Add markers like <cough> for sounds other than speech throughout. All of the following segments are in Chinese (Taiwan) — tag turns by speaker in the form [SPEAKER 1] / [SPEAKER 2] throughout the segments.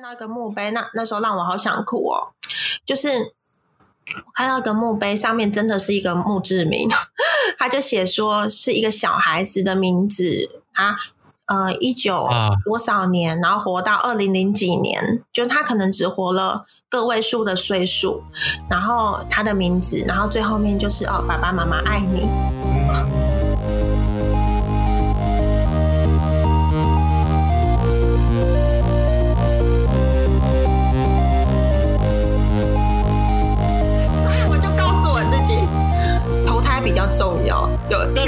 [SPEAKER 1] 看到一個墓碑，那那時候讓我好想哭哦。就是我看到一個墓碑，上面真的是一個墓誌銘，他 <laughs> 就寫說是一個小孩子的名字他呃，一九多少年，啊、然後活到二零零幾年，就他可能只活了個位數的歲數，然後他的名字，然後最後面就是哦，爸爸媽媽愛你。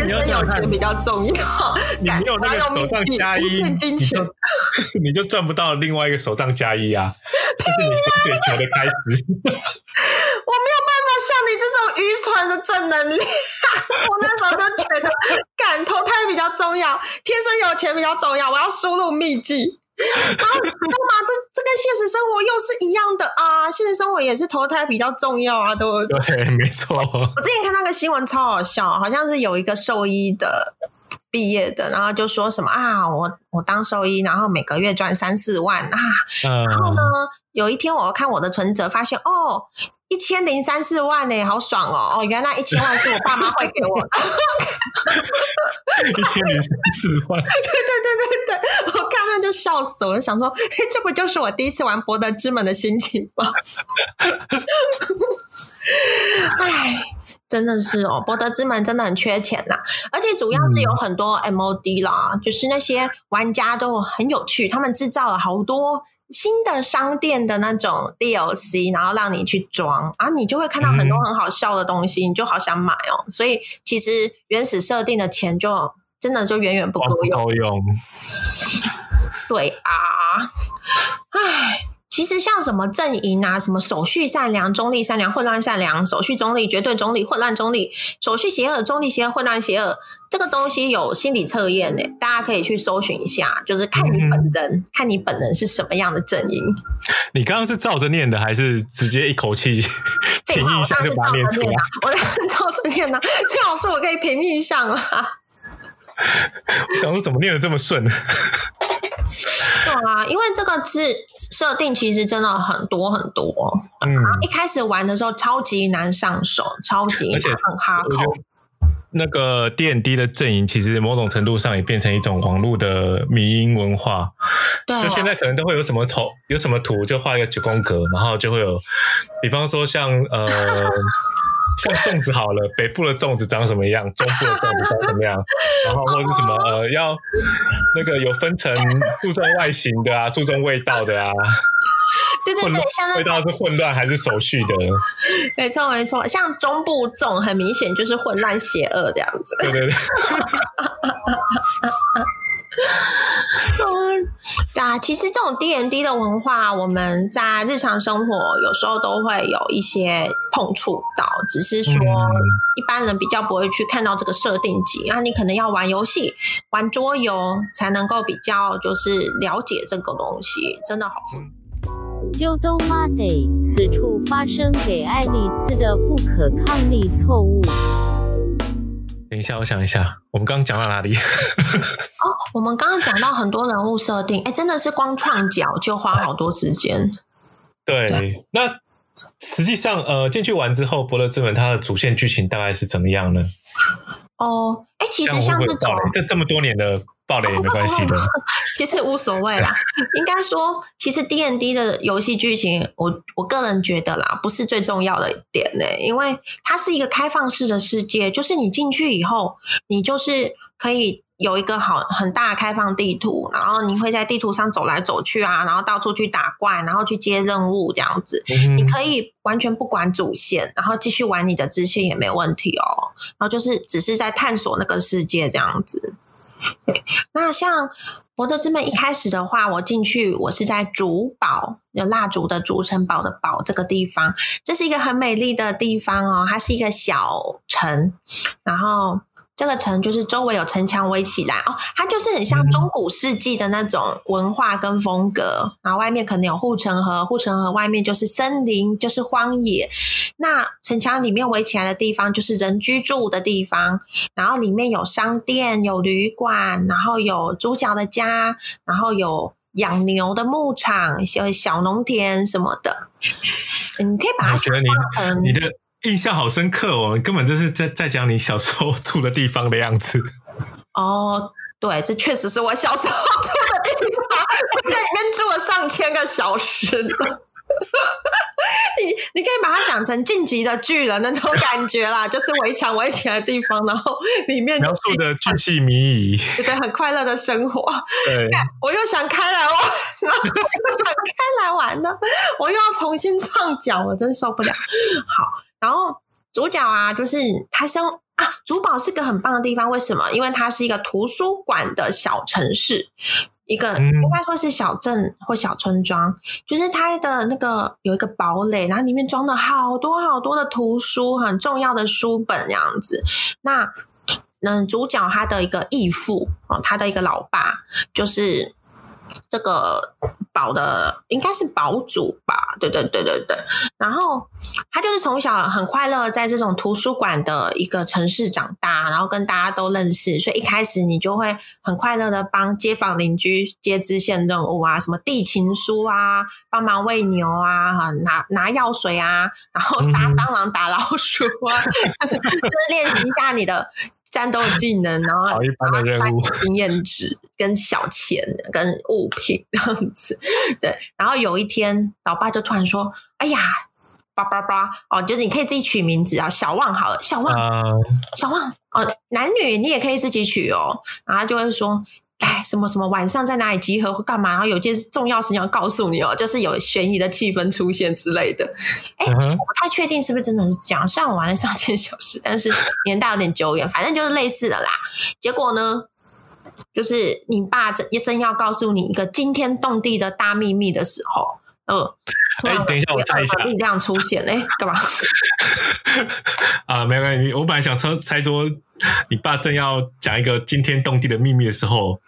[SPEAKER 1] 天生有錢
[SPEAKER 2] 比較重要，你用那個手
[SPEAKER 1] 杖加一，你，你
[SPEAKER 2] 就你就賺不到另外一個手杖加一啊！拼哪，全球的開始，
[SPEAKER 1] 我沒有辦法像你這種愚蠢的正能力。 <laughs> 我那時候就覺得， <laughs> 敢投胎比較重要，天生有錢比較重要，我要輸入密技。啊，懂嗎？這這跟現實生活又是一樣的啊！現實生活也是投胎比較重要啊，都對，對，對，
[SPEAKER 2] 沒錯。我
[SPEAKER 1] 之前看那個新聞超好笑，好像是有一個獸醫的畢業的，然後就說什麼啊，我我當獸醫，然後每個月賺三四萬啊。嗯、然後呢，有一天我看我的存摺，發現哦，一千零三四萬呢、欸，好爽哦！哦，原來一千萬是我爸媽匯給我
[SPEAKER 2] 的，一千零三四萬。
[SPEAKER 1] <laughs> 笑死我！我就想說，這不就是我第一次玩博德之門的心情嗎？哎， <laughs> 真的是哦，博德之門真的很缺錢吶、啊，而且主要是有很多 MOD 啦，嗯、就是那些玩家都很有趣，他們製造了好多新的商店的那種 DLC，然後讓你去裝啊，你就會看到很多很好笑的東西，嗯、你就好想買哦。所以其實原始設定的錢就真的就遠遠不
[SPEAKER 2] 夠用。 <laughs>
[SPEAKER 1] 對啊，唉，其實像什麼陣營啊，什麼守序善良、中立善良、混亂善良、守序中立、絕對中立、混亂中立、守序邪惡、中立邪惡、混亂邪惡，這個東西有心理測驗的、欸，大家可以去搜尋一下，就是看你本人，嗯嗯，看你本人是什麼樣的陣營。
[SPEAKER 2] 你剛剛是照着念的，還是直接一口氣憑印象就把它念出來？
[SPEAKER 1] 我當然照着念呢，最好是，我可以憑印象了。
[SPEAKER 2] <laughs> 我想說，怎麼念得這麼順，
[SPEAKER 1] 啊 <laughs> 啊？因為這個字設定其實真的很多很多。嗯，然後一開始玩的時候超級難上手，超級而且很哈口。
[SPEAKER 2] 那個 D&D 的陣營其實某種程度上也變成一種網絡的迷因文化。啊、就現在可能都會有什麼圖，有什麼圖就畫一個九宮格，然後就會有，比方說像呃。 <laughs> 像粽子好了，北部的粽子長什麼樣，中部的粽子長什麼樣， <laughs> 然後或者是什麼呃，要那個有分成注重外形的啊，注重味道的啊，
[SPEAKER 1] <laughs> 對對對，亂像是味道
[SPEAKER 2] 是混亂還是守序的？
[SPEAKER 1] <laughs> 沒錯沒錯，像中部粽很明顯就是混亂邪惡這樣子，對對對。對、啊、其實這種 D&D 的文化，我們在日常生活有時候都會有一些碰觸到，只是說一般人比較不會去看到這個設定集。那你可能要玩遊戲、玩桌遊才能夠比較就是了解這個東西，真的好。就、嗯、都媽得此處發生給愛麗絲的不可抗力錯誤。
[SPEAKER 2] 等一下，我想一下，我們剛剛講到哪裡、？ <laughs> 哦？
[SPEAKER 1] 我們剛剛講到很多人物設定，哎，真的是光創角就花好多時間。
[SPEAKER 2] 對，對。那實際上，呃，進去完之後，《柏德之門》它的主線劇情大概是怎麼樣呢？
[SPEAKER 1] 哦，哎，其實像那種這會
[SPEAKER 2] 會這，這麼多年的。爆雷也沒
[SPEAKER 1] 關係的、哦，其實無所謂啦。 <laughs> 應該說，其實 D&D 的遊戲劇情，我我個人覺得啦，不是最重要的一點呢、欸，因為它是一個開放式的世界，就是你進去以後，你就是可以有一個好很大的開放地圖，然後你會在地圖上走來走去啊，然後到處去打怪，然後去接任務這樣子。嗯、哼你可以完全不管主線，然後繼續玩你的支線也沒問題哦、喔。然後就是只是在探索那個世界這樣子。對，那像《博德之門》一開始的話，我進去，我是在燭堡，有蠟燭的燭城堡的堡這個地方，這是一個很美麗的地方哦，它是一個小城，然後。這個城就是周圍有城牆圍起來哦，它就是很像中古世紀的那種文化跟風格。嗯、然後外面可能有護城河，護城河外面就是森林，就是荒野。那城牆裡面圍起來的地方就是人居住的地方，然後裡面有商店、有旅館，然後有主角的家，然後有養牛的牧場、小小農田什麼的。 <laughs> 你可以
[SPEAKER 2] 把它想成印象好深刻，哦，根本就是在在講你小時候住的地方的樣子。
[SPEAKER 1] 哦，oh, 對，這確實是我小時候住的地方，我 <laughs> 在裡面住了上千個小時。 <laughs> 你你可以把它想成進擊的巨人那種感覺啦， <laughs> 就是圍牆圍起來的地方， <laughs> 然後裡面，裡面描述的
[SPEAKER 2] 巨細靡遺， <laughs>
[SPEAKER 1] 覺得很快樂的生活。對，我又想開來玩，我又想開來玩呢， <laughs> 我又要重新創角，我真受不了。好。然後主角啊，就是他生啊，主堡是個很棒的地方，為什麼？因為它是一個圖書館的小城市，一個應該說是小鎮或小村莊，就是它的那個有一個堡壘，然後裡面裝了好多好多的圖書，很重要的書本這樣子。那嗯，那主角他的一個義父哦，他的一個老爸就是。這個堡的應該是堡主吧？對對對對對。然後他就是從小很快樂，在這種圖書館的一個城市長大，然後跟大家都認識，所以一開始你就會很快樂的幫街坊鄰居接支線任務啊，什麼遞情書啊，幫忙餵牛啊，拿拿藥水啊，然後殺蟑螂、打老鼠啊，嗯、 <laughs> 就是練習一下你的。戰鬥技能，然後打打經驗值跟小錢跟物品這樣子，對。然後有一天，老爸就突然說：“哎呀，叭叭叭哦，就是你可以自己取名字啊、哦，小旺好了，小旺，呃、小旺哦，男女你也可以自己取哦。”然後他就會說。哎，什麼什麼晚上在哪裡集合或幹嘛？然後，有件事重要事情要告訴你哦、喔，就是有懸疑的氣氛出現之類的。哎、欸，uh huh. 我不太確定是不是真的是這樣？雖然我玩了上千小時，但是年代有點久遠，反正就是類似的啦。結果呢，就是你爸真要真要告訴你一個驚天動地的大秘密的時候。哦欸、等一下，我猜一下，力量出現呢，哎，幹嘛？
[SPEAKER 2] <laughs> 啊，沒關係，我本來想猜猜說，你爸正要講一個驚天動地的秘密的時候，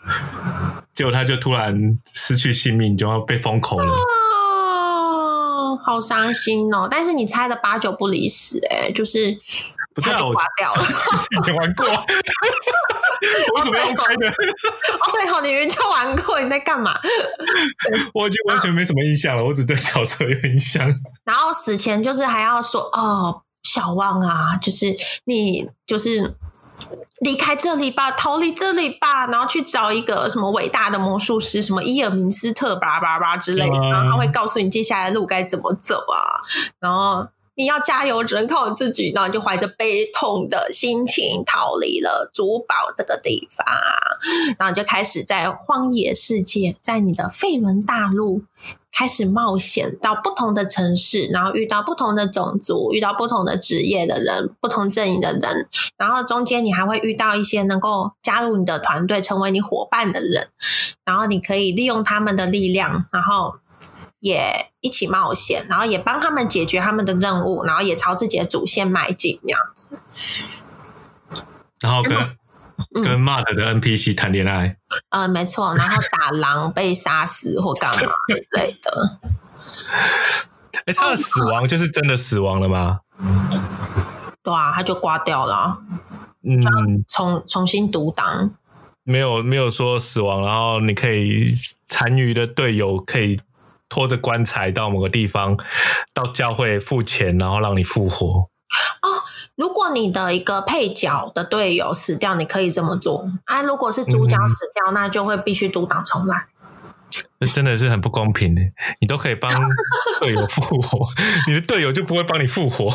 [SPEAKER 2] 結果他就突然失去性命，就要被封口了，
[SPEAKER 1] 哦、好傷心哦！但是你猜的八九不離十、欸，哎，就是。不掉，掛掉了。 <laughs> 以前玩過， <laughs> <laughs> 我怎麼又猜的？哦，對，好、oh,，你人就玩過，你在幹嘛？
[SPEAKER 2] <laughs> 我已經完全沒什麼印象了，啊、我只對角色有印象。
[SPEAKER 1] 然後死前就是還要說哦，小旺啊，就是你，就是離開這裡吧，逃離這裡吧，然後去找一個什麼偉大的魔術師，什麼伊爾明斯特巴拉巴拉之類的，啊、然後他會告訴你接下來路該怎麼走啊，然後。你要加油，只能靠你自己。然後就懷着悲痛的心情逃離了燭堡這個地方。然後就開始在荒野世界，在你的費倫大陸開始冒險，到不同的城市，然後遇到不同的種族，遇到不同的職業的人，不同陣營的人。然後中間你還會遇到一些能夠加入你的團隊，成為你夥伴的人。然後你可以利用他們的力量，然後。也一起冒險，然後也幫他們解決他們的任務，然後也朝自己的主線邁進，這樣子。
[SPEAKER 2] 然後跟、嗯、跟 Mark 的 NPC 談戀愛。
[SPEAKER 1] 嗯，沒錯。然後打狼被殺死或幹嘛之類的。
[SPEAKER 2] 哎、 <laughs> 欸，他的死亡就是真的死亡了嗎？
[SPEAKER 1] 對啊，他就掛掉了。嗯，重重新讀檔。沒
[SPEAKER 2] 有沒有說死亡，然後你可以殘餘的隊友可以。拖着棺材到某個地方，到教會付錢，然後讓你復活
[SPEAKER 1] 哦。如果你的一個配角的隊友死掉，你可以這麼做啊。如果是主角死掉，嗯、哼那就會必須讀檔重來。
[SPEAKER 2] 這真的是很不公平的。你都可以幫隊友復活， <laughs> 你的隊友就不會幫你復活，
[SPEAKER 1] <laughs>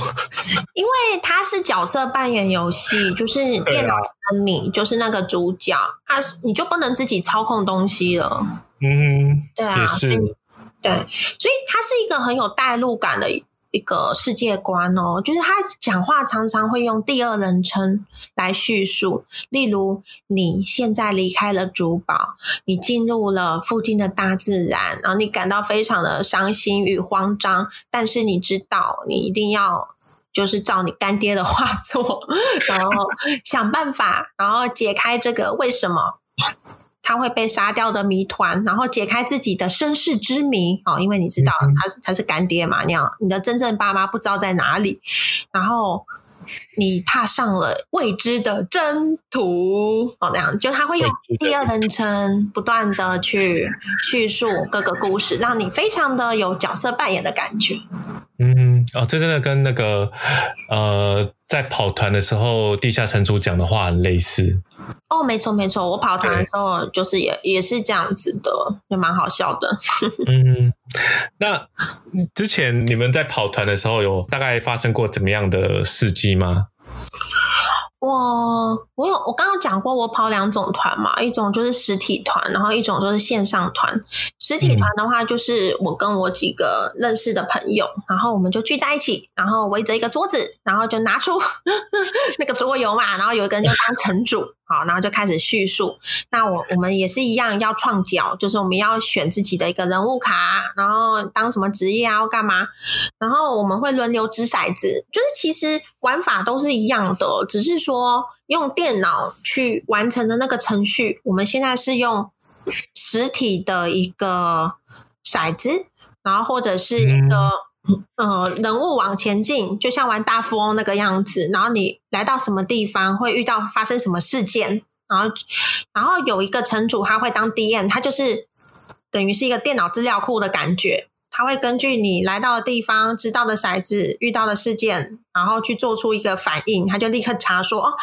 [SPEAKER 1] 因為他是角色扮演遊戲，就是電腦的你，啊、就是那個主角啊，你就不能自己操控東西了。
[SPEAKER 2] 嗯哼，對啊，也是。
[SPEAKER 1] 對，所以它是一個很有帶入感的一個世界觀哦，就是他講話常常會用第二人稱來敘述，例如你現在離開了燭堡，你進入了附近的大自然，然後你感到非常的傷心與慌張，但是你知道你一定要就是照你乾爹的話做，然後想辦法，然後解開這個為什麼。他會被殺掉的謎團，然後解開自己的身世之謎。哦，因為你知道他是、嗯、他是乾爹嘛，那樣你的真正爸媽不知道在哪裡，然後你踏上了未知的征途。哦，那樣就他會用第二人稱不斷的去敘述各個故事，讓你非常的有角色扮演的感覺。
[SPEAKER 2] 嗯哦，這真的跟那個呃，在跑團的時候，地下城主講的話很類似。
[SPEAKER 1] 哦，沒錯沒錯，我跑團的時候就是也、嗯、也是這樣子的，也蠻好笑的。 <laughs> 嗯，
[SPEAKER 2] 那之前你們在跑團的時候，有大概發生過怎麼樣的事跡
[SPEAKER 1] 嗎？我我有我剛剛講過，我跑兩種團嘛，一種就是實體團，然後一種就是線上團。實體團的話，就是我跟我幾個認識的朋友，嗯、然後我們就聚在一起，然後圍着一個桌子，然後就拿出 <laughs> 那個桌遊嘛，然後有一個人就當城主。嗯好，然後就開始敘述。那我我們也是一樣，要創角，就是我們要選自己的一個人物卡，然後當什麼職業啊，或幹嘛。然後我們會輪流擲骰子，就是其實玩法都是一樣的，只是說用電腦去完成的那個程序，我們現在是用實體的一個骰子，然後或者是一個。呃，人物往前進，就像玩大富翁那個樣子。然後你來到什麼地方，會遇到發生什麼事件，然後，然後有一個城主，他會當 DM，他就是等於是一個電腦資料庫的感覺。他會根據你來到的地方、知道的骰子、遇到的事件，然後去做出一個反應。他就立刻查說，哦，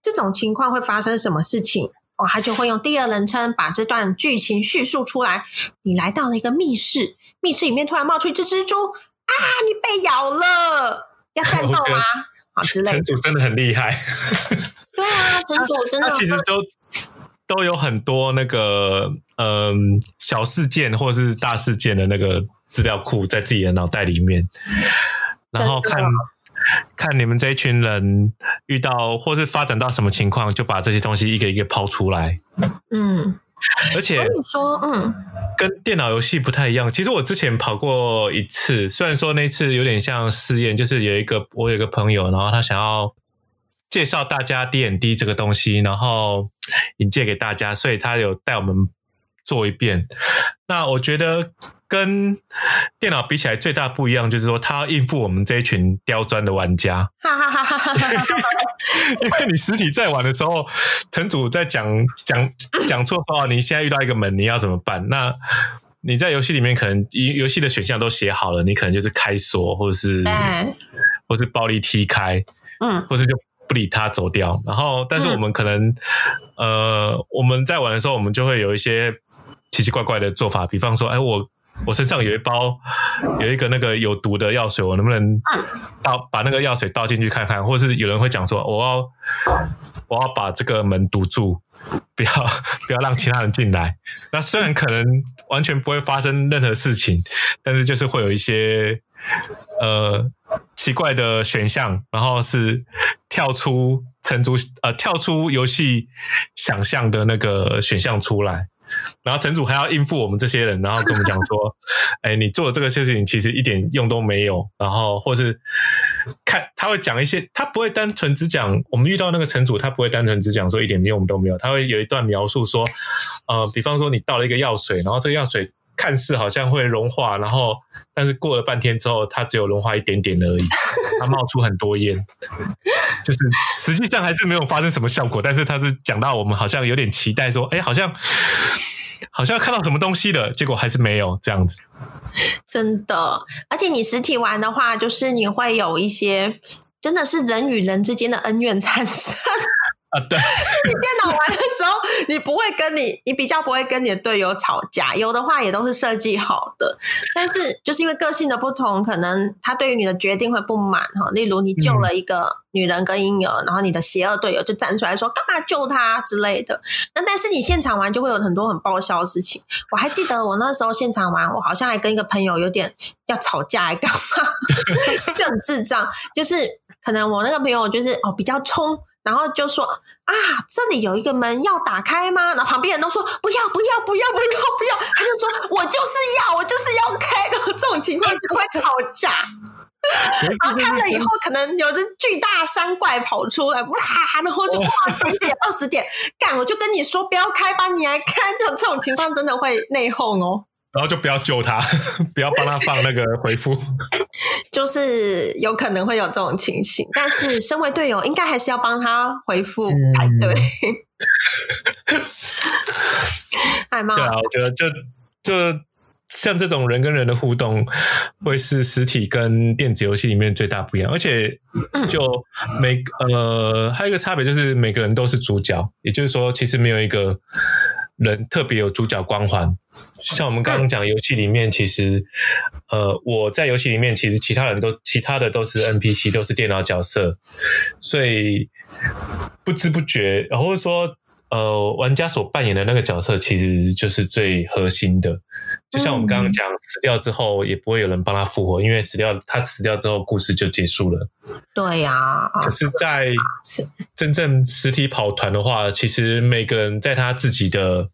[SPEAKER 1] 這種情況會發生什麼事情。哦，他就會用第二人稱把這段劇情敘述出來。你來到了一個密室，密室裡面突然冒出一隻蜘蛛。啊！你被咬了，要戰鬥嗎？啊 Okay.，之類
[SPEAKER 2] 的。城主真的很厲害。 <laughs> 對
[SPEAKER 1] 啊，城主、啊、真的很。他其
[SPEAKER 2] 實都都有很多那個嗯、呃、小事件或者是大事件的那個資料庫在自己的腦袋裡面，然後看看你們這一群人遇到或是發展到什麼情況，就把這些東西一個一個拋出來。嗯。而且，跟電腦遊戲不太一樣。其實我之前跑過一次，雖然說那次有點像試驗，就是有一個我有一個朋友，然後他想要介紹大家 D&D 這個東西，然後引介給大家，所以他有帶我們做一遍。那我覺得跟電腦比起來，最大不一樣就是說，他要應付我們這一群刁鑽的玩家。哈哈哈！
[SPEAKER 1] 哈哈！
[SPEAKER 2] <laughs> 因為你實體在玩的時候，城主在講講講錯話，你現在遇到一個門，你要怎麼辦？那你在遊戲裡面可能遊戲的選項都寫好了，你可能就是開鎖，或是，對或是暴力踢開，嗯，或者就不理他走掉。嗯、然後，但是我們可能，呃，我們在玩的時候，我們就會有一些奇奇怪怪的做法，比方說，哎，我。我身上有一包，有一個那個有毒的藥水，我能不能倒把那個藥水倒進去看看？或者是有人會講說，我要我要把這個門堵住，不要不要讓其他人進來。那雖然可能完全不會發生任何事情，但是就是會有一些呃奇怪的選項，然後是跳出成竹呃跳出遊戲想象的那個選項出來。然後城主還要應付我們這些人，然後跟我們講說：“ <laughs> 哎，你做這個事情其實一點用都沒有。”然後或是看他會講一些，他不會單純只講我們遇到那個城主，他不會單純只講說一點用我們都沒有，他會有一段描述說：“呃，比方說你倒了一個藥水，然後這個藥水看似好像會融化，然後但是過了半天之後，它只有融化一點點而已，它冒出很多煙。 <laughs> ”就是實際上還是沒有發生什麼效果，但是他是講到我們好像有點期待說，說哎，好像好像看到什麼東西了，結果還是沒有這樣子。
[SPEAKER 1] 真的，而且你實體玩的話，就是你會有一些，真的是人與人之間的恩怨產生。啊，對 <laughs> 你電腦玩的時候，你不會跟你，你比較不會跟你的隊友吵架。有的話也都是設計好的，但是就是因為個性的不同，可能他對於你的決定會不滿哈。例如你救了一個女人跟嬰兒，嗯、然後你的邪惡隊友就站出來說幹嘛救他之類的。那但，但是你現場玩就會有很多很爆笑的事情。我還記得我那時候現場玩，我好像還跟一個朋友有點要吵架還幹嘛，對 <laughs> 就很智障，就是可能我那個朋友就是哦比較衝。然後就說啊，這裡有一個門要打開嗎？然後旁邊人都說不要不要不要不要不要，他就說我就是要我就是要開。然後這種情況就會吵架。 <laughs> <laughs> 然後看着以後可能有只巨大山怪跑出來，哇！然後就哇！十點二十點 <laughs> 幹，我就跟你說不要開吧，你來開這，這種情況真的會內訌哦。
[SPEAKER 2] 然後就不要救他，不要幫他放那個回復，
[SPEAKER 1] <laughs> 就是有可能會有這種情形。但是身為隊友，應該還是要幫他回復才對。哎媽！
[SPEAKER 2] 對啊，我覺得就就像這種人跟人的互動，會是實體跟電子遊戲裡面最大不一樣。而且就每、嗯、呃還有一個差別就是每個人都是主角，也就是說，其實沒有一個。人特別有主角光環，像我們剛剛講遊戲裡面，其實，呃，我在遊戲裡面，其實其他人都，其他的都是 NPC，都是電腦角色，所以不知不覺，或者說。呃，玩家所扮演的那個角色其實就是最核心的。就像我們剛剛講，嗯、死掉之後也不會有人幫他復活，因為死掉他死掉之後，故事就結束了。
[SPEAKER 1] 對呀、啊，可是，在
[SPEAKER 2] 真正實體跑團的話，是其實每個人在他自己的，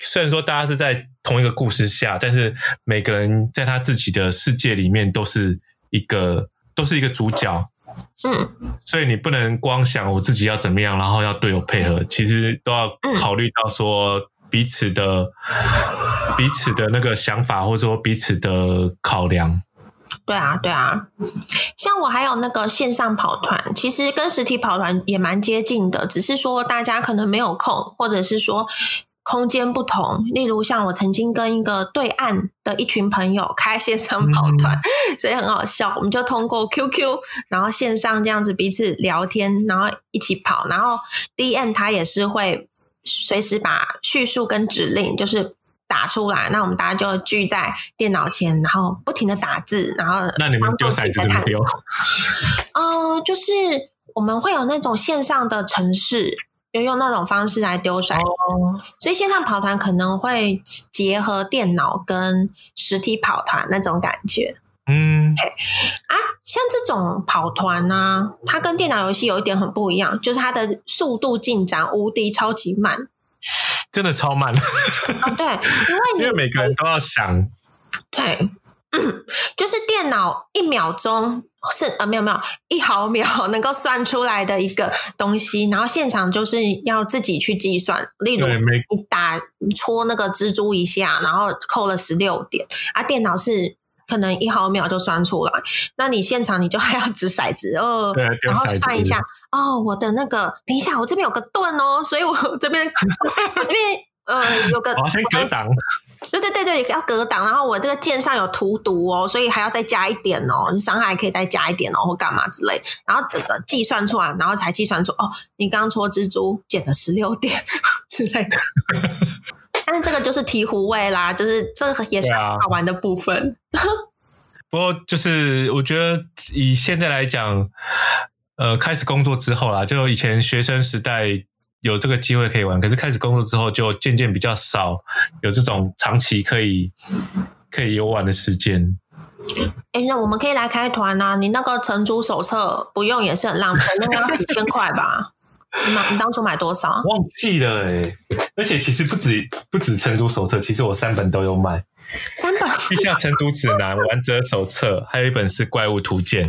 [SPEAKER 2] 雖然說大家是在同一個故事下，但是每個人在他自己的世界裡面，都是一個都是一個主角。嗯，所以你不能光想我自己要怎麼樣，然後要隊友配合，其實都要考慮到說彼此的、嗯、彼此的那個想法，或者說彼此的考量。
[SPEAKER 1] 對啊，對啊，像我還有那個線上跑團，其實跟實體跑團也蠻接近的，只是說大家可能沒有空，或者是說。空間不同，例如像我曾經跟一個對岸的一群朋友開線上跑團，嗯、所以很好笑。我們就通過 QQ，然後線上這樣子彼此聊天，然後一起跑。然後 DM 他也是會隨時把敘述跟指令就是打出來，那我們大家就聚在電腦前，然後不停的打字，然後方方便在探索。那你們丟骰子怎麼丟？嗯、呃，就是我們會有那種線上的程式。就用那種方式來丟骰子，oh. 所以線上跑團可能會結合電腦跟實體跑團那種感覺。嗯、mm.，啊，像這種跑團呢、啊，它跟電腦遊戲有一點很不一樣，就是它的速度進展無敵超級慢，
[SPEAKER 2] 真的超慢。 <laughs> 哦、對，因為因為每個人都要想，
[SPEAKER 1] 對，就是電腦一秒鐘。是啊、呃，沒有沒有，一毫秒能夠算出來的一個東西，然後現場就是要自己去計算。例如，你打戳那個蜘蛛一下，然後扣了十六點，啊，電腦是可能一毫秒就算出來，那你現場你就還要擲骰子，呃、哦，對啊、然後算一下。哦，我的那個，等一下，我這邊有個盾哦，所以我這邊， <laughs> 這邊我這邊呃有個我先格擋。對對對對，要隔擋，然後我這個劍上有塗毒哦，所以還要再加一點哦，傷害可以再加一點哦，或幹嘛之類，然後整個計算出來，然後才計算出哦，你剛戳蜘蛛減了十六點之類的。 <laughs> 但是這個就是醍醐味啦，就是這個也是很好玩的部分。
[SPEAKER 2] 啊、 <laughs> 不過就是我覺得以現在來講，呃，開始工作之後啦，就以前學生時代，有這個機會可以玩，可是開始工作之後就漸漸比較少有這種長期可以可以遊玩的時間。
[SPEAKER 1] 哎、欸，那我們可以來開團吶、啊！你那個城主手冊不用也是很浪費， <laughs> 那個幾千塊吧？買你，你當初買多少？
[SPEAKER 2] 忘記了、欸。而且其實不止不止城主手冊，其實我三本都有買。三本《地下城主指南》《玩者手冊》，還有一本是《怪物圖鑑》。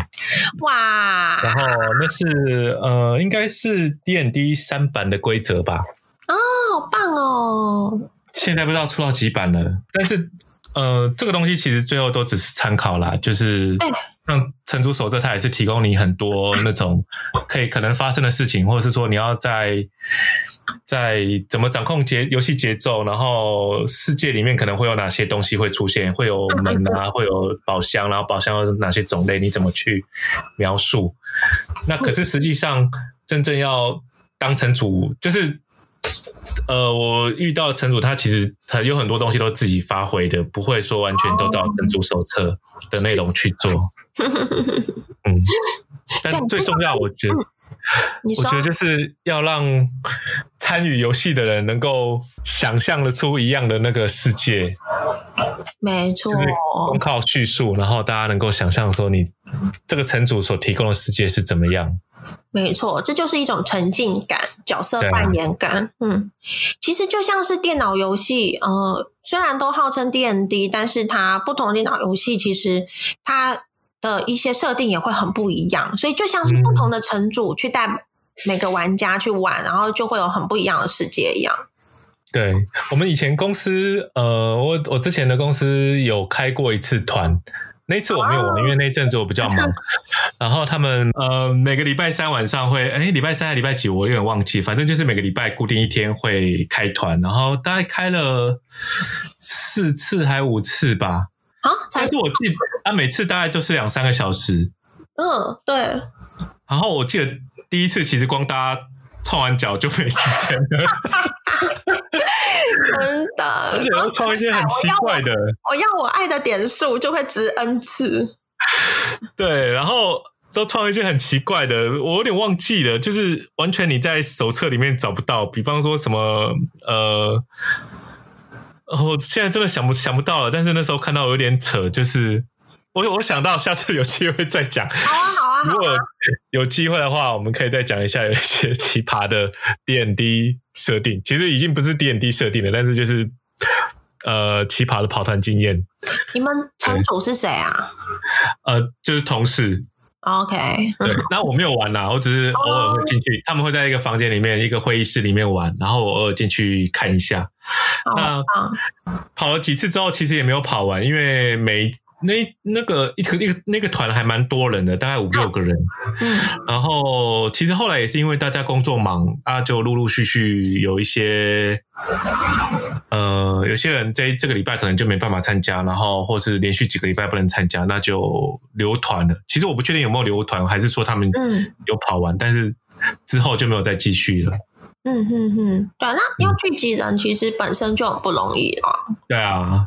[SPEAKER 1] 哇！然
[SPEAKER 2] 後那是呃，應該是 D N D 三版的規則吧？
[SPEAKER 1] 哦，好棒哦！
[SPEAKER 2] 現在不知道出到幾版了，但是呃，這個東西其實最後都只是參考啦，就是。欸像城主手冊，它也是提供你很多那種可以可能發生的事情， <coughs> 或者是說你要在在怎麼掌控節遊戲節奏，然後世界裡面可能會有哪些東西會出現，會有門啊，會有寶箱，然後寶箱有哪些種類，你怎麼去描述？那可是實際上真正要當城主，就是呃，我遇到的城主，他其實很有很多東西都自己發揮的，不會說完全都照城主手冊的內容去做。 <laughs> 嗯，但是最重要，我覺
[SPEAKER 1] 得，嗯、你說我覺得就
[SPEAKER 2] 是要讓參與遊戲的人能夠想象得出一樣的那個世界。
[SPEAKER 1] 沒錯，就是光
[SPEAKER 2] 靠敘述，然後大家能夠想象說，你這個城主所提供的世界是怎麼樣？
[SPEAKER 1] 沒錯，這就是一種沉浸感、角色扮演感。啊、嗯，其實就像是電腦遊戲，呃，雖然都號稱 D N D，但是它不同電腦遊戲，其實它的一些設定也會很不一樣，所以就像是不同的城主去帶每個玩家去玩，嗯、然後就會有很不一樣的世界一樣。
[SPEAKER 2] 對我們以前公司，呃，我我之前的公司有開過一次團，那次我沒有玩，哇因為那陣子我比較忙。 <laughs> 然後他們呃，每個禮拜三晚上會，哎，禮拜三還禮拜幾？我有點忘記，反正就是每個禮拜固定一天會開團，然後大概開了四次還五次吧。啊！但是，是我記得、啊、每次大概都是兩三個小時。
[SPEAKER 1] 嗯，對。
[SPEAKER 2] 然後我記得第一次，其實光大家創完角就沒時間 <laughs> 。
[SPEAKER 1] 真的，而且創一些很奇怪的、啊就是我我。我要我愛的點數就會擲 N 次。
[SPEAKER 2] 對，然後都創一些很奇怪的，我有點忘記了，就是完全你在手冊裡面找不到。比方說什麼呃。我現在真的想不想不到了，但是那時候看到有點扯，就是我我想到下次有機會再講、啊。好啊好啊，好啊。如果有機會的話，我們可以再講一下有一些奇葩的 DND 設定。其實已經不是 DND 設定了，但是就是呃奇葩的跑團經驗。
[SPEAKER 1] 你們場主對是誰啊？
[SPEAKER 2] 呃，就是同事。OK， <laughs> 對，那我沒有玩啦，我只是偶爾會進去，oh. 他們會在一個房間裡面，一個會議室裡面玩，然後我偶爾進去看一下。Oh. 那、oh. 跑了幾次之後，其實也沒有跑完，因為沒。那那個一、那個一個那個團還蠻多人的，大概五六個人。嗯、然後其實後來也是因為大家工作忙啊，就陸陸續續有一些呃，有些人在這，這個禮拜可能就沒辦法參加，然後或是連續幾個禮拜不能參加，那就留團了。其實我不確定有沒有留團，還是說他們有跑完，嗯、但是之後就沒有再繼續了。
[SPEAKER 1] 嗯哼哼，嗯嗯、對、啊，那要聚集人其實本身就很不容易了。嗯、
[SPEAKER 2] 對
[SPEAKER 1] 啊，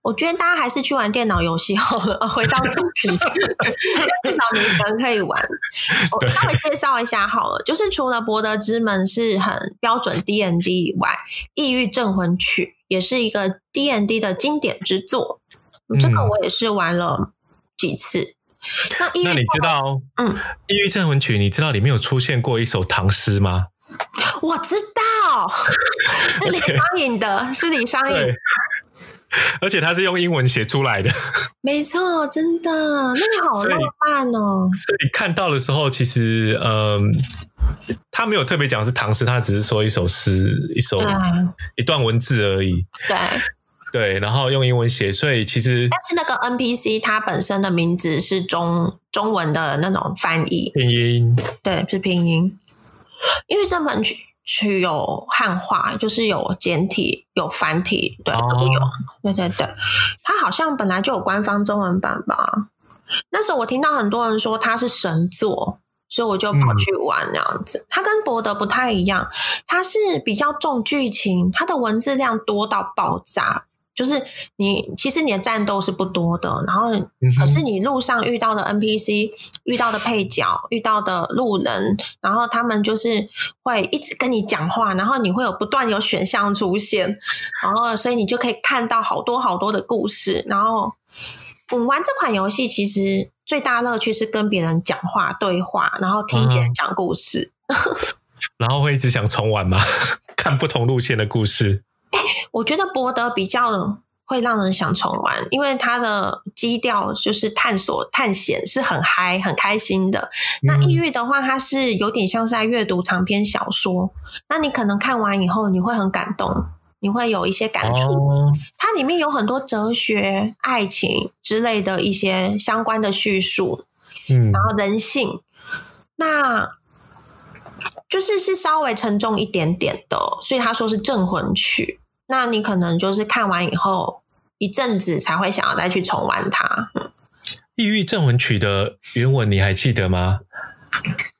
[SPEAKER 1] 我覺得大家還是去玩電腦遊戲好了。回到主題， <laughs> <laughs> 至少你有人可以玩。對我稍微介紹一下好了，就是除了《博德之門》是很標準 D N D 以外，《異域鎮魂曲》也是一個 D N D 的經典之作。嗯、這個我也是玩了幾次。那異域那你知道，
[SPEAKER 2] 嗯，《異域鎮魂曲》，你知道裡面有出現過一首唐詩嗎？
[SPEAKER 1] 我知道，是李商隱的，且是李商隱。
[SPEAKER 2] 而且他是用英文寫出來的，
[SPEAKER 1] 沒錯，真的，那你好浪漫哦。所以，所
[SPEAKER 2] 以看到的時候，其實，嗯，他沒有特別講是唐詩，他只是說一首詩，一首對一段文字而已。對，對，然後用英文寫，所以其實，
[SPEAKER 1] 但是那個 NPC 他本身的名字是中中文的那種翻譯，拼音，對，是拼音。因為這本曲，曲有漢化，就是有簡體，有繁體，對、oh. 都有。對對對，它好像本來就有官方中文版吧？那時候我聽到很多人說它是神作，所以我就跑去玩那樣子。嗯、它跟博德不太一樣，它是比較重劇情，它的文字量多到爆炸。就是你，其實你的戰鬥是不多的，然後可是你路上遇到的 NPC、嗯哼、遇到的配角、遇到的路人，然後他們就是會一直跟你講話，然後你會有不斷有選項出現，然後所以你就可以看到好多好多的故事。然後我們玩這款遊戲，其實最大樂趣是跟別人講話、對話，然後聽別人講故事，
[SPEAKER 2] 嗯、 <laughs> 然後會一直想重玩嗎？看不同路線的故事。
[SPEAKER 1] 我覺得柏德比較會讓人想重玩，因為他的基調就是探索探險，是很嗨很開心的。嗯、那異域的話，它是有點像是在閱讀長篇小說，那你可能看完以後你會很感動，你會有一些感觸。它、哦、裡面有很多哲學、愛情之類的一些相關的敘述，嗯、然後人性，那就是是稍微沉重一點點的，所以他說是鎮魂曲。那你可能就是看完以後一陣子才會想要再去重玩它。
[SPEAKER 2] 《異域鎮魂曲》的原文你還記得嗎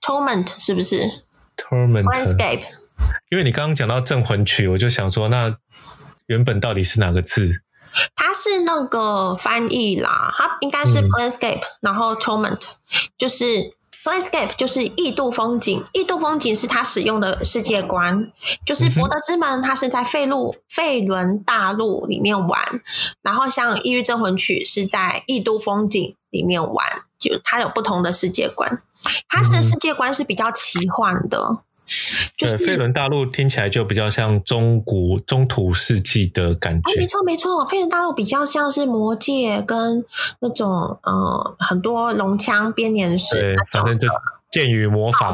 [SPEAKER 1] ？Torment 是不是
[SPEAKER 2] ？Torment。Planescape, 因為你剛剛講到鎮魂曲，我就想說，那原本到底是哪個字？
[SPEAKER 1] 它是那個翻譯啦，它應該是 Planescape，、嗯、然後 Torment 就是。Planescape 就是異度風景，異度風景是他使用的世界觀，就是博德之門，它是在費路費倫大陸裡面玩，然後像《異域鎮魂曲》是在異度風景裡面玩，就它有不同的世界觀，它的世界觀是比較奇幻的。就是費倫
[SPEAKER 2] 大陸聽起來就比較像中國中土世紀的感覺，欸、沒
[SPEAKER 1] 錯沒錯，費倫大陸比較像是魔界跟那種嗯、呃、很多龍槍編年史對那
[SPEAKER 2] 種劍與魔法，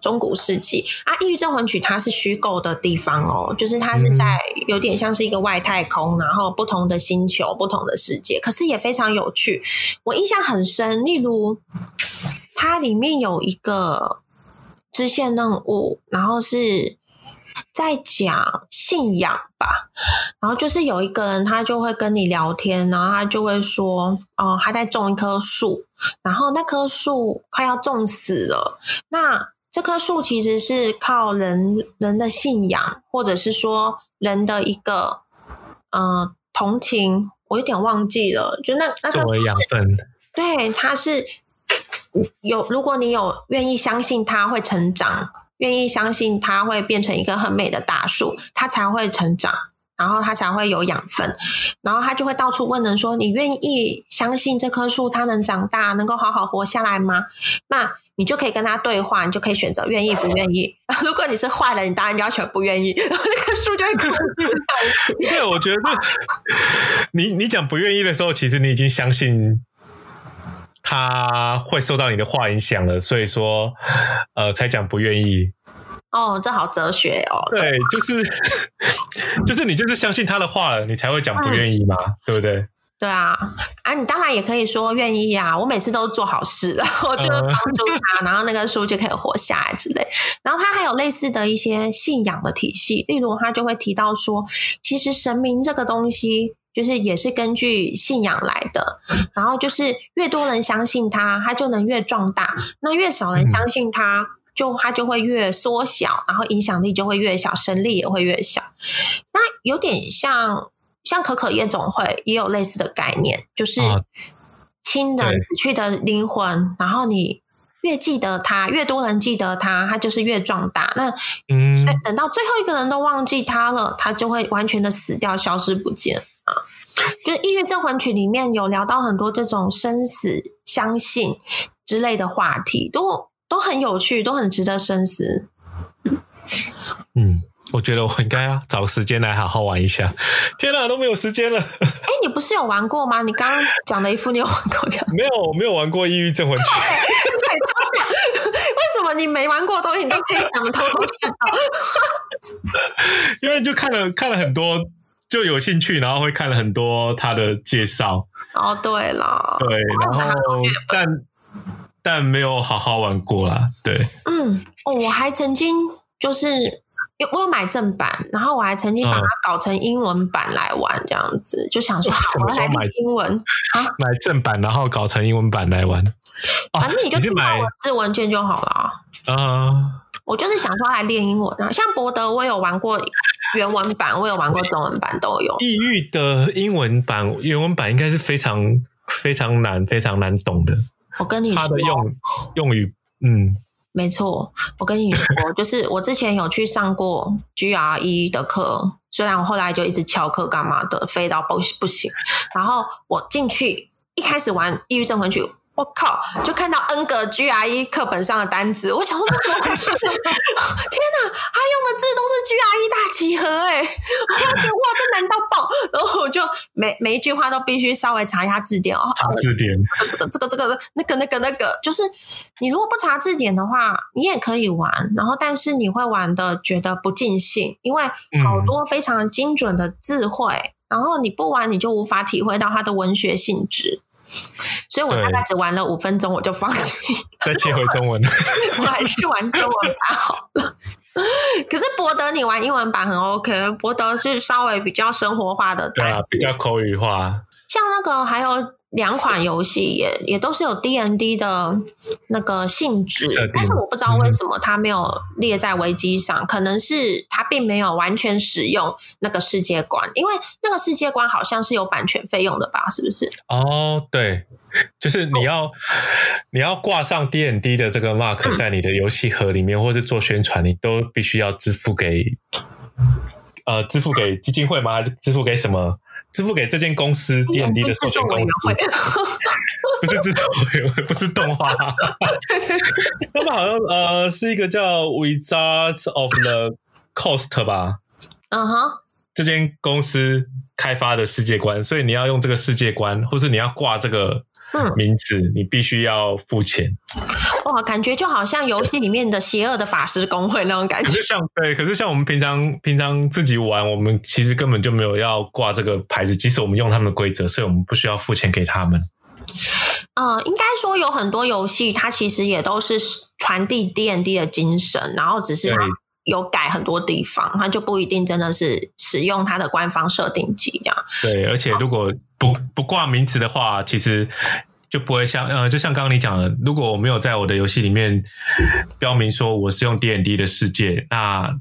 [SPEAKER 1] 中古世紀啊。異域鎮魂曲它是虛構的地方哦，就是它是在有點像是一個外太空，嗯、然後不同的星球，不同的世界，可是也非常有趣。我印象很深，例如它裡面有一個。支線任務，然後是在講信仰吧。然後就是有一個人，他就會跟你聊天，然後他就會說：“哦、呃，他在種一棵樹，然後那棵樹快要種死了。那這棵樹其實是靠人人的信仰，或者是說人的一個嗯、呃、同情。我有點忘記了，就那那作為養分，對，他是。”有，如果你有願意相信它會成長，願意相信它會變成一棵很美的大樹，它才會成長，然後它才會有養分，然後它就會到處問人說：“你願意相信這棵樹它能長大，能夠好好活下來嗎？”那你就可以跟它對話，你就可以選擇願意不願意。 <laughs> 如果你是壞人，你當然要求不願意，然後那棵樹就會枯死在
[SPEAKER 2] 一起。 <laughs> 對，我覺得 <laughs> 你你講不願意的時候，其實你已經相信。他會受到你的話影響了，所以說，呃，才講不願意。
[SPEAKER 1] 哦，這好哲學哦。對，這話。就是，
[SPEAKER 2] 就是你就是相信他的話了，你才會講不願意嘛，嗯、對不對？
[SPEAKER 1] 對啊，啊，你當然也可以說願意啊。我每次都做好事了，然後就是幫助他，嗯、然後那個書就可以活下來之類。然後他還有類似的一些信仰的體系，例如他就會提到說，其實神明這個東西。就是也是根據信仰來的，然後就是越多人相信他，他就能越壯大；那越少人相信他，就他就會越縮小，嗯、然後影響力就會越小，神力也會越小。那有點像像可可夜總會也有類似的概念，就是親人死去的靈魂，啊、然後你越記得他，越多人記得他，他就是越壯大。那所以等到最後一個人都忘記他了，嗯、他就會完全的死掉，消失不見。就《異域鎮魂曲》裡面有聊到很多這種生死、相信之類的話題，都都很有趣，都很值得深思。嗯，
[SPEAKER 2] 我覺得我應該要找時間來好好玩一下。天哪、啊，都沒有時間了！
[SPEAKER 1] 哎、欸，你不是有玩過嗎？你剛剛講的一副，你有玩
[SPEAKER 2] 過？ <laughs> 沒有，沒有玩過《異域鎮魂
[SPEAKER 1] 曲》。為什麼你沒玩過的東西，你都可以講的頭頭是
[SPEAKER 2] 道？ <laughs> 因為就看了看了很多。就有興趣，然後會看了很多他的介紹。哦，對
[SPEAKER 1] 了，對，
[SPEAKER 2] 然後但但沒有好好玩過啦，對。嗯，
[SPEAKER 1] 我我還曾經就是有我有買正版，然後我還曾經把它、哦、搞成英文版來玩這樣子，就想說來什麼時候買英文
[SPEAKER 2] 啊？買正版然後搞成英文版來玩，
[SPEAKER 1] 反正你就、哦、你是買字文件就好了啊。呃我就是想說來練英文，然後像柏德，我有玩過原文版，我有玩過中文版，都有。異
[SPEAKER 2] 域的英文版、原文版應該是非常非常難、非常難懂的。
[SPEAKER 1] 我跟你說，他的用
[SPEAKER 2] 用語，嗯，
[SPEAKER 1] 沒錯。我跟你說， <laughs> 就是我之前有去上過 GRE 的課，雖然我後來就一直翹課幹嘛的，飛到不不行。然後我進去一開始玩《異域鎮魂曲》去。我靠！就看到 N 個 GRE 課本上的單詞，我想說這怎麼回事？ <laughs> 天吶，他用的字都是 G R E 大集合哎！ <laughs> 哇，這難到爆！然後我就每每一句話都必須稍微查一下字典哦。查字典。這個這個這個、這個這個、那個那個那個，就是你如果不查字典的話，你也可以玩，然後但是你會玩的覺得不盡興，因為好多非常精準的字彙，嗯、然後你不玩你就無法體會到它的文學性質。所以我大概只玩了五分鐘，我就放棄。
[SPEAKER 2] 再切回中文我，
[SPEAKER 1] 我還是玩中文版好了。 <laughs> 可是柏德，你玩英文版很 OK，柏德是稍微比較生活化的，對
[SPEAKER 2] 啊，比較口語化，
[SPEAKER 1] 像那個還有。兩款遊戲也也都是有 D N D 的那個性質、設定，但是我不知道為什麼它沒有列在危機上。嗯、可能是它並沒有完全使用那個世界觀，因為那個世界觀好像是有版權費用的吧？是不是？
[SPEAKER 2] 哦，對，就是你要，哦、你要掛上 D N D 的這個 mark 在你的遊戲盒裡面，嗯、或是做宣傳，你都必須要支付給呃，支付給基金會嗎？還是支付給什麼？支付給這間公司 D&D 的授權費用，嗯、不是支付， <laughs> 不，是 <laughs> 不是動畫。他們好像、呃、是一個叫 Wizards of the Coast 吧？嗯哈、uh huh. 這間公司開發的世界觀，所以你要用這個世界觀，或者你要掛這個名字，嗯、你必須要付錢。
[SPEAKER 1] 哇，感覺就好像遊戲裡面的邪惡的法師公會，那種感覺。像
[SPEAKER 2] 對，可是像我們平常平常自己玩，我們其實根本就沒有要掛這個牌子。即使我們用他們的規則，所以我們不需要付錢給他們。
[SPEAKER 1] 呃，應該說有很多遊戲，它其實也都是傳遞 D&D 的精神，然後只是它有改很多地方，對它就不一定真的是使用它的官方設定集。
[SPEAKER 2] 對，而且如果不不掛名字的話，其實。就不會像呃，就像剛剛你講的，如果我沒有在我的遊戲裡面標明說我是用 D&D 的世界，那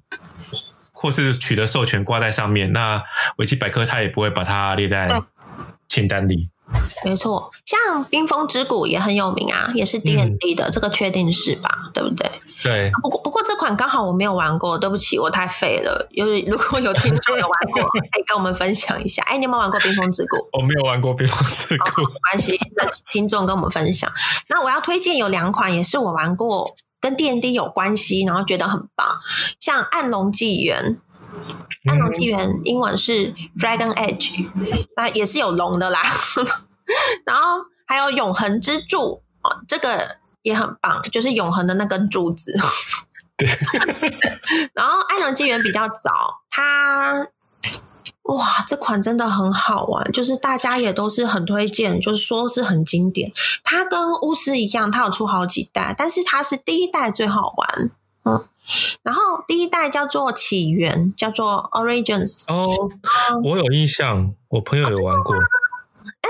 [SPEAKER 2] 或是取得授權掛在上面，那維基百科它也不會把它列在清單裡。
[SPEAKER 1] 沒錯，像冰封之谷也很有名啊，也是 D&D 的，嗯、這個確定是吧？對不對？對，不過不過這款剛好我沒有玩過，對不起，我太廢了。如果有聽眾有玩過， <laughs> 可以跟我們分享一下。哎，你有沒有玩過《冰封之谷》？
[SPEAKER 2] 我沒有玩過《冰封之谷》，
[SPEAKER 1] 沒關係。那聽眾跟我們分享。 <laughs> 那我要推薦有兩款，也是我玩過，跟 D&D 有關係，然後覺得很棒，像《暗龍紀元》嗯。暗龍紀元英文是 Dragon Age，那也是有龍的啦。 <laughs> 然後還有《永恆之柱》這個。也很棒，就是永恆的那根柱子。 <laughs> 對。 <laughs> 然後闇龍紀元比較早，它哇，這款真的很好玩，就是大家也都是很推薦，就是說是很經典。它跟巫師一樣，它有出好幾代，但是它是第一代最好玩。嗯，然後第一代叫做起源，叫做 Origins。哦，
[SPEAKER 2] 我有印象，嗯、我朋友有玩過。哎、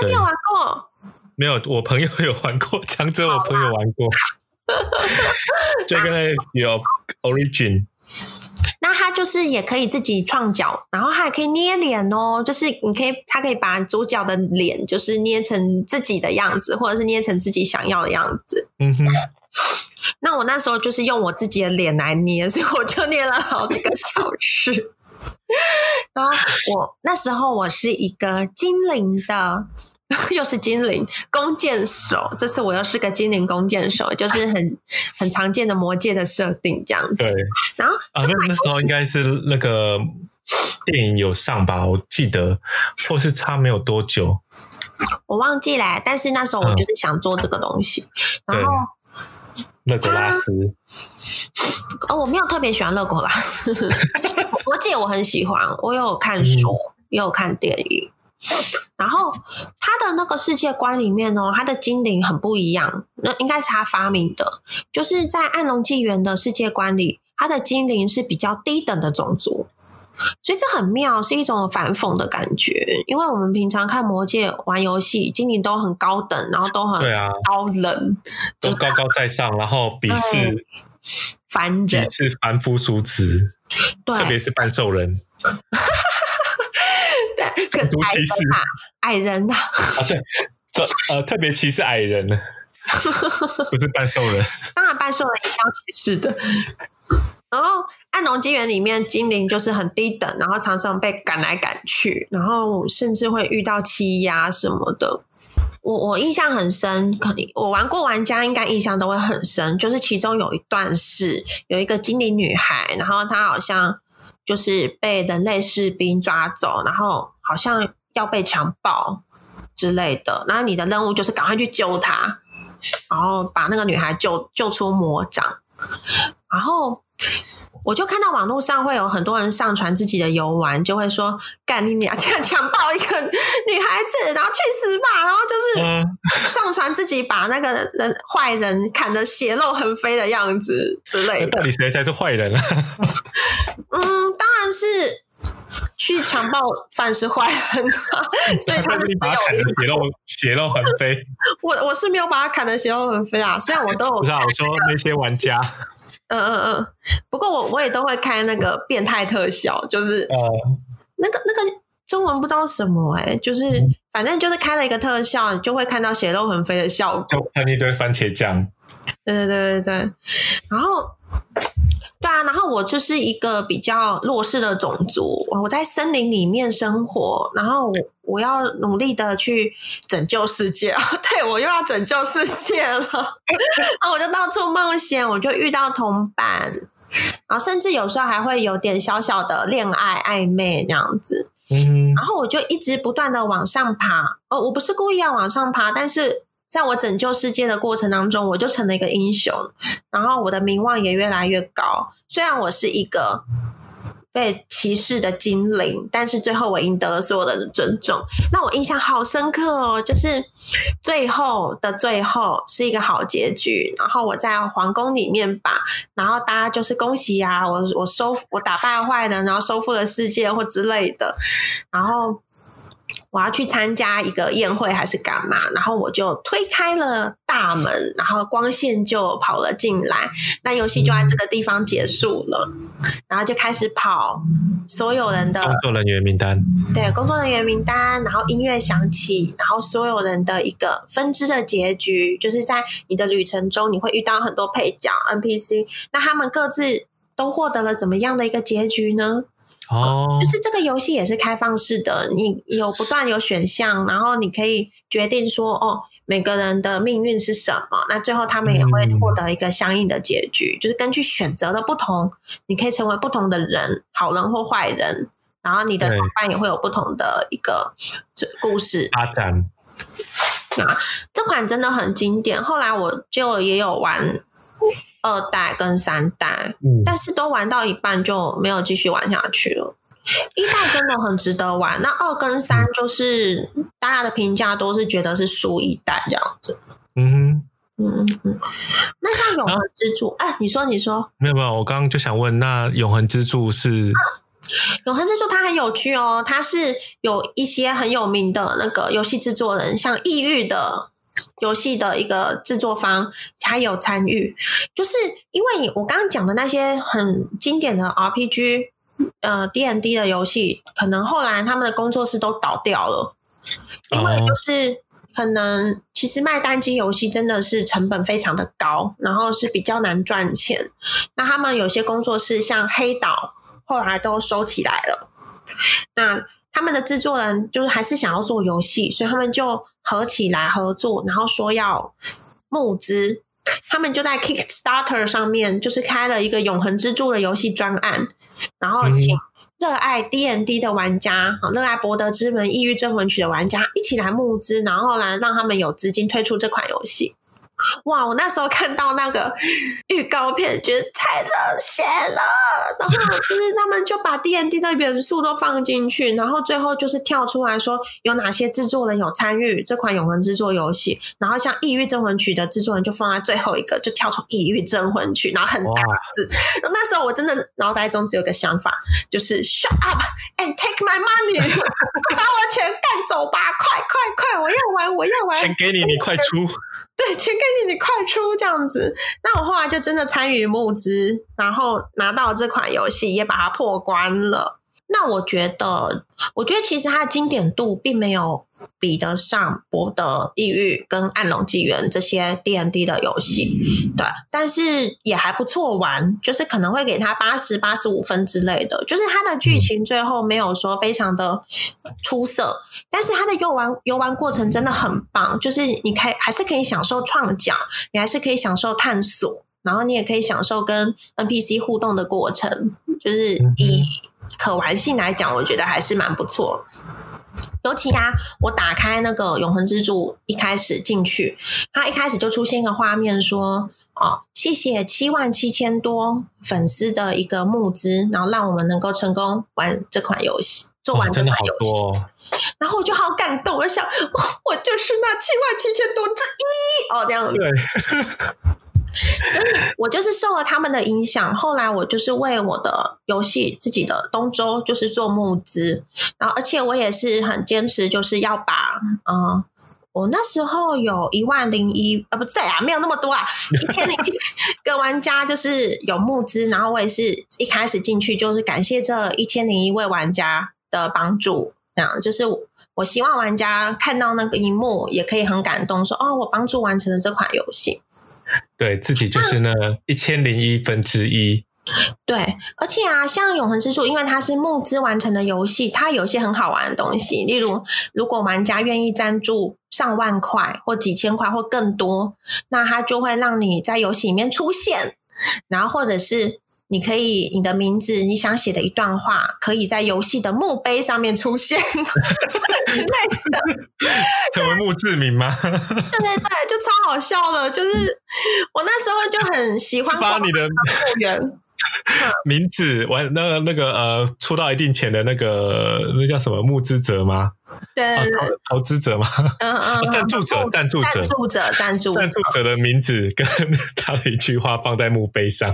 [SPEAKER 2] 哦，對你有玩過？沒有，我朋友有玩過，漳州我朋友玩過，就 <laughs> 跟有 Origin。
[SPEAKER 1] <laughs> 那他就是也可以自己創角，然後他還可以捏臉哦，就是你可以，他可以把主角的臉就是捏成自己的樣子，或者是捏成自己想要的樣子。嗯哼。 <laughs> 那我那時候就是用我自己的臉來捏，所以我就捏了好幾個小時。 <laughs> <laughs> 然後我那時候我是一個精靈的。 <laughs> 又是精靈弓箭手。這次我又是個精靈弓箭手，就是很很常見的魔戒的設定這樣子。
[SPEAKER 2] 對然後、啊、那時候應該是那個電影有上吧，我記得，或是差沒有多久，
[SPEAKER 1] 我忘記了。但是那時候我就是想做這個東西，嗯、
[SPEAKER 2] 然後勒格拉斯、啊，
[SPEAKER 1] 哦，我沒有特別喜歡勒格拉斯，魔 <laughs> 戒 <laughs> 我很喜歡，我又有看書，又、嗯、有看電影。然後，他的那個世界觀裡面呢、哦，他的精靈很不一樣。那應該是他發明的，就是在暗龍紀元的世界觀裡，他的精靈是比較低等的種族。所以這很妙，是一種反諷的感覺。因為我們平常看魔戒玩遊戲，精靈都很高等，然後都很高人，對啊，高冷他，
[SPEAKER 2] 都高高在上，然後鄙視、嗯、
[SPEAKER 1] 凡人，鄙視
[SPEAKER 2] 凡夫俗子，對，特別是半獸人。 <laughs> 毒騎士，矮人的啊，啊，對，這呃，特別歧視矮人呢，
[SPEAKER 1] <laughs>
[SPEAKER 2] 不是半獸人，
[SPEAKER 1] 當然半獸人也一樣歧視的。 <laughs> 然後，闇龍紀元裡面，精靈就是很低等，然後常常被趕來趕去，然後甚至會遇到欺壓什麼的。我我印象很深，可能我玩過玩家應該印象都會很深，就是其中有一段是有一個精靈女孩，然後她好像就是被人類士兵抓走，然後。好像要被強暴之類的，然後你的任務就是趕快去救她，然後把那個女孩救救出魔掌。然後我就看到網絡上會有很多人上傳自己的遊玩，就會說：“幹你娘，竟然強暴一個女孩子，然後去死吧！”然後就是上傳自己把那個人壞人砍得血肉橫飛的樣子之類的。
[SPEAKER 2] 到底誰才是壞人啊？
[SPEAKER 1] <laughs> 嗯，當然是。去強暴犯是壞人，所以他就是把他砍得
[SPEAKER 2] 血肉血肉橫飛。
[SPEAKER 1] <laughs> 我我是沒有把他砍的血肉橫飛啊，雖然我都有、那個。不
[SPEAKER 2] 是、啊、我說那些玩家。嗯嗯
[SPEAKER 1] 嗯，不過我我也都會開那個變態特效，就是呃，那個那個中文不知道什麼哎、欸，就是、嗯、反正就是開了一個特效，你就會看到血肉橫飛的效
[SPEAKER 2] 果，就看一堆番茄醬。
[SPEAKER 1] 對對對對，然後。對啊，然後我就是一個比較弱勢的種族，我在森林裡面生活，然後我要努力的去拯救世界。對，我又要拯救世界了 <laughs> 然後我就到處冒險，我就遇到同伴，然後甚至有時候還會有點小小的戀愛曖昧這樣子。然後我就一直不斷的往上爬，哦，我不是故意要往上爬，但是。在我拯救世界的過程當中，我就成了一個英雄，然後我的名望也越來越高。雖然我是一個被歧視的精靈，但是最後我贏得了所有的尊重。那我印象好深刻哦，就是最後的最後是一個好結局。然後我在皇宮裡面吧，然後大家就是恭喜啊，我我收我打敗壞人，然後收復了世界或之類的，然後。我要去參加一個宴會還是幹嘛？然後我就推開了大門，然後光線就跑了進來。那遊戲就在這個地方結束了，嗯，然後就開始跑所有人的工
[SPEAKER 2] 作人員名單。
[SPEAKER 1] 對，工作人員名單。然後音樂響起，然後所有人的一個分支的結局，就是在你的旅程中，你會遇到很多配角，NPC，那他們各自都獲得了怎麼樣的一個結局呢？哦、嗯，就是這個遊戲也是開放式的，你有不斷有選項，然後你可以決定說，哦，每個人的命運是什麼，那最後他們也會獲得一個相應的結局，嗯、就是根據選擇的不同，你可以成為不同的人，好人或壞人，然後你的同伴也會有不同的一個故事發展。那對、 <laughs> 啊、這款真的很經典，後來我就也有玩。二代跟三代，但是都玩到一半就沒有繼續玩下去了。嗯、一代真的很值得玩，那二跟三就是大家的評價都是覺得是輸一代這樣子。嗯哼，嗯嗯，那像永恆之柱，哎、啊欸，你說你說，沒
[SPEAKER 2] 有沒有，我剛剛就想問，那永恆之柱是、
[SPEAKER 1] 啊、永恆之柱，它很有趣哦，它是有一些很有名的那個遊戲制作人，像異域的。遊戲的一個制作方他有參與，就是因為我剛剛講的那些很經典的 RPG，呃，D&D 的遊戲，可能後來他們的工作室都倒掉了，因為就是可能其實賣單機遊戲真的是成本非常的高，然後是比較難賺錢。那他們有些工作室像黑島，後來都收起來了。那他們的制作人就是還是想要做遊戲，所以他們就合起來合作，然後說要募資。他們就在 Kickstarter 上面就是開了一個《永恆之柱》的遊戲專案，然後請熱愛 D N D 的玩家，嗯、熱愛《博德之門：異域鎮魂曲》的玩家一起來募資，然後來讓他們有資金推出這款遊戲。哇！我那時候看到那個預告片，覺得太熱血了。然後就是他們就把 D N D 的元素都放進去，然後最後就是跳出來說有哪些制作人有參與這款《永恆之柱》遊戲。然後像《異域鎮魂曲》的制作人就放在最後一個，就跳出《異域鎮魂曲》，然後很大字。哇那時候我真的腦袋中只有一個想法，就是 Shut up and take my money。 <laughs> 把我錢幹走吧，快快快！我要玩，我要玩。錢給你，你快出。對，錢給你，你快出這樣子。那我後來就真的參與募資，然後拿到這款遊戲，也把它破關了。那我覺得，我覺得其實它的經典度並沒有。比得上《博德》、《異域》跟《暗龍紀元》這些 D N D 的遊戲，對，但是也還不錯玩，就是可能會給他八十八十五分之類的。就是它的劇情最後沒有說非常的出色，但是它的遊玩遊玩過程真的很棒，就是你可以還是可以享受創角，你還是可以享受探索，然後你也可以享受跟 N P C 互動的過程。就是以可玩性來講，我覺得還是蠻不錯。尤其啊，我打開那個《永恆之柱》，一開始進去，它一開始就出現一個畫面，說：“哦，謝謝七萬七千多粉絲的一個募資，然後讓我們能夠成功玩這款遊戲，做完這
[SPEAKER 2] 款遊戲。哦”哦、
[SPEAKER 1] 然後我就好感動，我想，我就是那七萬七千多之一哦，這樣子。對 <laughs> 所以，我就是受了他們的影響。後來，我就是為我的遊戲自己的東周就是做募資，然後，而且我也是很堅持，就是要把嗯、呃，我那時候有一萬零一啊，不對啊，沒有那麼多啊，一千零一個玩家就是有募資，然後我也是一開始進去就是感謝這一千零一位玩家的幫助，這、嗯、樣就是我希望玩家看到那個螢幕也可以很感動說，說哦，我幫助完成了這款遊戲。
[SPEAKER 2] 對自己就是那一千零一分之一。
[SPEAKER 1] 對，而且啊，像《永恆之柱》，因為它是募資完成的遊戲，它有些很好玩的東西。例如，如果玩家願意贊助上萬塊或幾千塊或更多，那它就會讓你在遊戲裡面出現，然後或者是。你可以，你的名字，你想寫的一段話，可以在遊戲的墓碑上面出現之 <laughs> 類
[SPEAKER 2] 的，什麼墓誌銘嗎？
[SPEAKER 1] 對對對，就超好笑的，嗯、就是我那時候就很喜歡發你的墓園 <laughs>
[SPEAKER 2] <laughs> 名字，完，那那個呃，出到一定錢的那個，那叫什麼？募資者嗎？
[SPEAKER 1] 對對對、
[SPEAKER 2] 啊、投、投資者嗎？嗯嗯，贊助者、嗯哦、贊助者，贊助者，贊助
[SPEAKER 1] 者，贊助、贊助者
[SPEAKER 2] 的名字跟他的一句話放在墓碑上。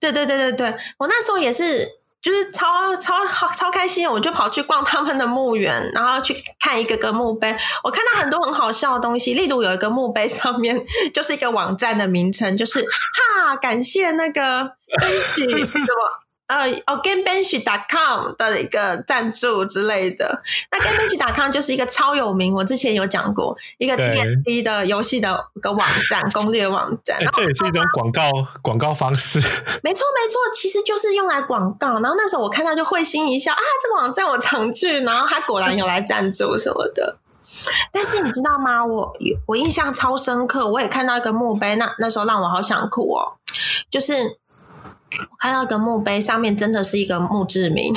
[SPEAKER 1] 對對對對對，我那時候也是。就是超超超開心，我就跑去逛他們的墓園，然後去看一個個墓碑。我看到很多很好笑的東西，例如有一個墓碑上面就是一個網站的名稱，就是哈，感謝那個恭喜什麼。 <laughs> 對吧呃、uh, oh, gamebench.com 的一個贊助之類的，那 gamebench.com 就是一個超有名， <laughs> 我之前有講過一個 D&D 的遊戲的一個網站對攻略網站，欸，
[SPEAKER 2] 這也是一種廣告廣 <laughs> 告方式。
[SPEAKER 1] 沒錯沒錯，其實就是用來廣告。 <laughs> 然後那時候我看到就會心一笑啊，這個網站我常去，然後他果然有來贊助什麼的。 <laughs> 但是你知道嗎？我我印象超深刻，我也看到一個墓碑，那那時候讓我好想哭哦，就是。我看到個墓碑，上面真的是一個墓誌銘，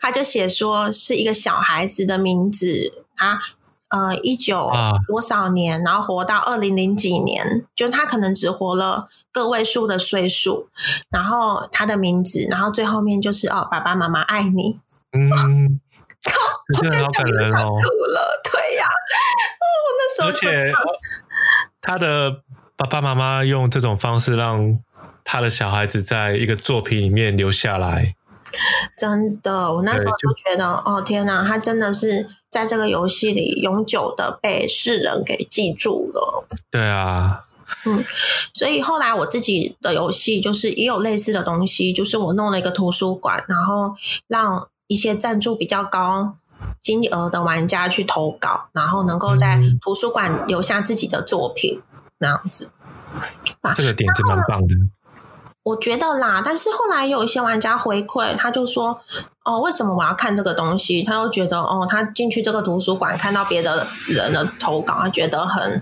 [SPEAKER 1] 他 <laughs> 就寫說是一個小孩子的名字啊，呃，一九多少年，啊、然後活到二零零幾年，就他可能只活了個位數的歲數，然後他的名字，然後最後面就是哦，爸爸媽媽愛你。嗯，真的哇好感人哦。我真的覺得哭了，對呀、啊，我那時候而且
[SPEAKER 2] 他的爸爸媽媽用這種方式讓。他的小孩子在一個作品裡面留下來，
[SPEAKER 1] 真的。我那時候就覺得，哦，天吶，他真的是在這個遊戲裡永久的被世人給記住了。對啊，嗯，所以後來我自己的遊戲就是也有類似的東西，就是我弄了一個圖書館，然後讓一些贊助比較高金額的玩家去投稿，然後能夠在圖書館留下自己的作品，嗯、那樣子。啊、這個點子蠻棒的。我覺得啦，但是後來有一些玩家回饋，他就說：“哦，為什麼我要看這個東西？”他就覺得：“哦，他進去這個圖書館看到別的人的投稿，他覺得很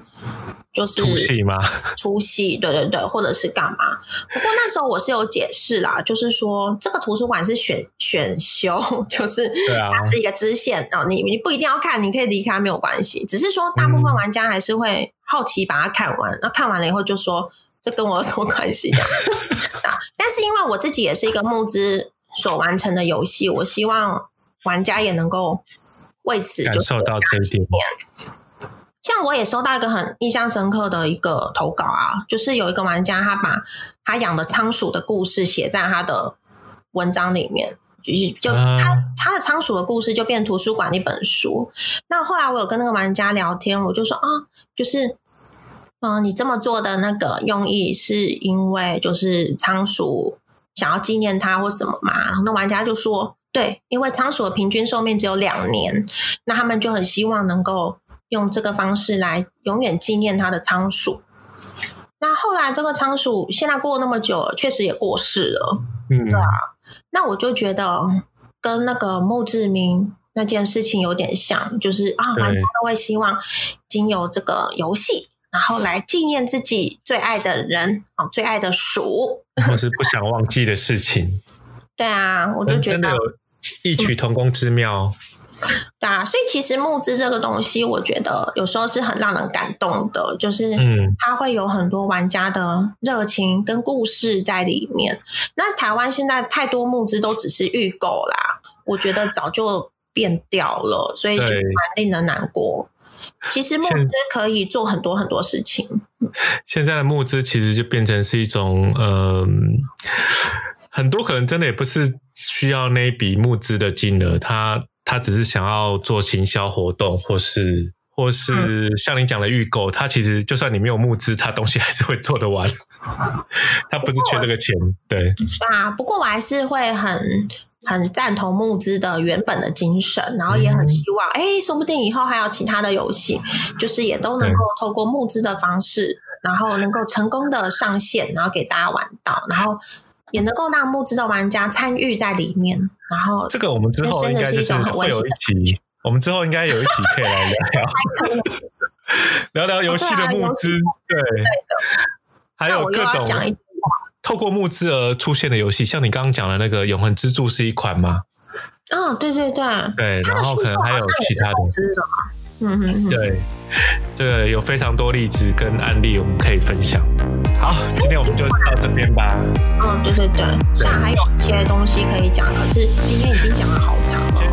[SPEAKER 1] 就是出戲嗎？出戲，對對對，或者是幹嘛？”不過那時候我是有解釋啦，就是說這個圖書館是選選修，就是，啊、它是一個支線，哦、你你不一定要看，你可以離開，沒有關係。只是說大部分玩家還是會好奇把它看完，嗯，那看完了以後就說。這跟我有什麼關係的、啊？ <laughs> <laughs> 但是因為我自己也是一個募資所完成的遊戲，我希望玩家也能夠為此就感受到這一點。 <laughs> 像我也收到一個很印象深刻的一個投稿啊，就是有一個玩家他把他養的倉鼠的故事寫在他的文章裡面，就是就他、啊、他的倉鼠的故事就變成圖書館那本書。那後來我有跟那個玩家聊天，我就說啊，就是。哦、嗯，你這麼做的那個用意是因為就是倉鼠想要紀念它或什麼嘛？然後那玩家就說：“對，因為倉鼠的平均壽命只有兩年，那他們就很希望能夠用這個方式來永遠紀念他的倉鼠。”那後來這個倉鼠現在過了那麼久，確實也過世了。嗯，對啊。那我就覺得跟那個墓志銘那件事情有點像，就是啊，玩家都會希望經由這個遊戲。然後來紀念自己最愛的人，最愛的鼠，
[SPEAKER 2] 或是不想忘記的事情。
[SPEAKER 1] <laughs> 對啊，我就覺得、嗯、真
[SPEAKER 2] 的有異曲同工之妙，
[SPEAKER 1] 嗯。對啊，所以其實募資這個東西，我覺得有時候是很讓人感動的，就是嗯，它會有很多玩家的熱情跟故事在裡面。嗯，那台灣現在太多募資都只是預購啦，我覺得早就變掉了，所以就蠻令人難過。其實募資可以做很多很多事情，
[SPEAKER 2] 現在的募資其實就變成是一種，嗯，很多可能真的也不是需要那一筆募資的金額，他他只是想要做行銷活動，或是或是像你講的預購，他其實就算你沒有募資，他東西還是會做得完，他、嗯、不是缺這個錢，對。
[SPEAKER 1] 啊，不過我還是會很，很贊同募資的原本的精神，然後也很希望，哎、嗯，說不定以後還有其他的遊戲，就是也都能夠透過募資的方式，對然後能夠成功的上線，然後給大家玩到，然後也能夠讓募資的玩家參與在裡面。然後這個我們之後應該就是會有一
[SPEAKER 2] 集，我們之後應該有一集可以來聊聊 <laughs> 聊聊遊戲的募資，對的，還有各種。透過募資而出現的遊戲，像你剛剛講的那個《永恆之柱》是一款嗎？
[SPEAKER 1] 嗯、哦，對對對，對。他的 然後可能還有其他的，他啊、嗯哼，對，
[SPEAKER 2] 這個有非常多例子跟案例我們可以分享。好，今天我們就到這邊吧。
[SPEAKER 1] 嗯、哦，對對對。雖然對還有一些東西可以講，可是今天已經講了好長了。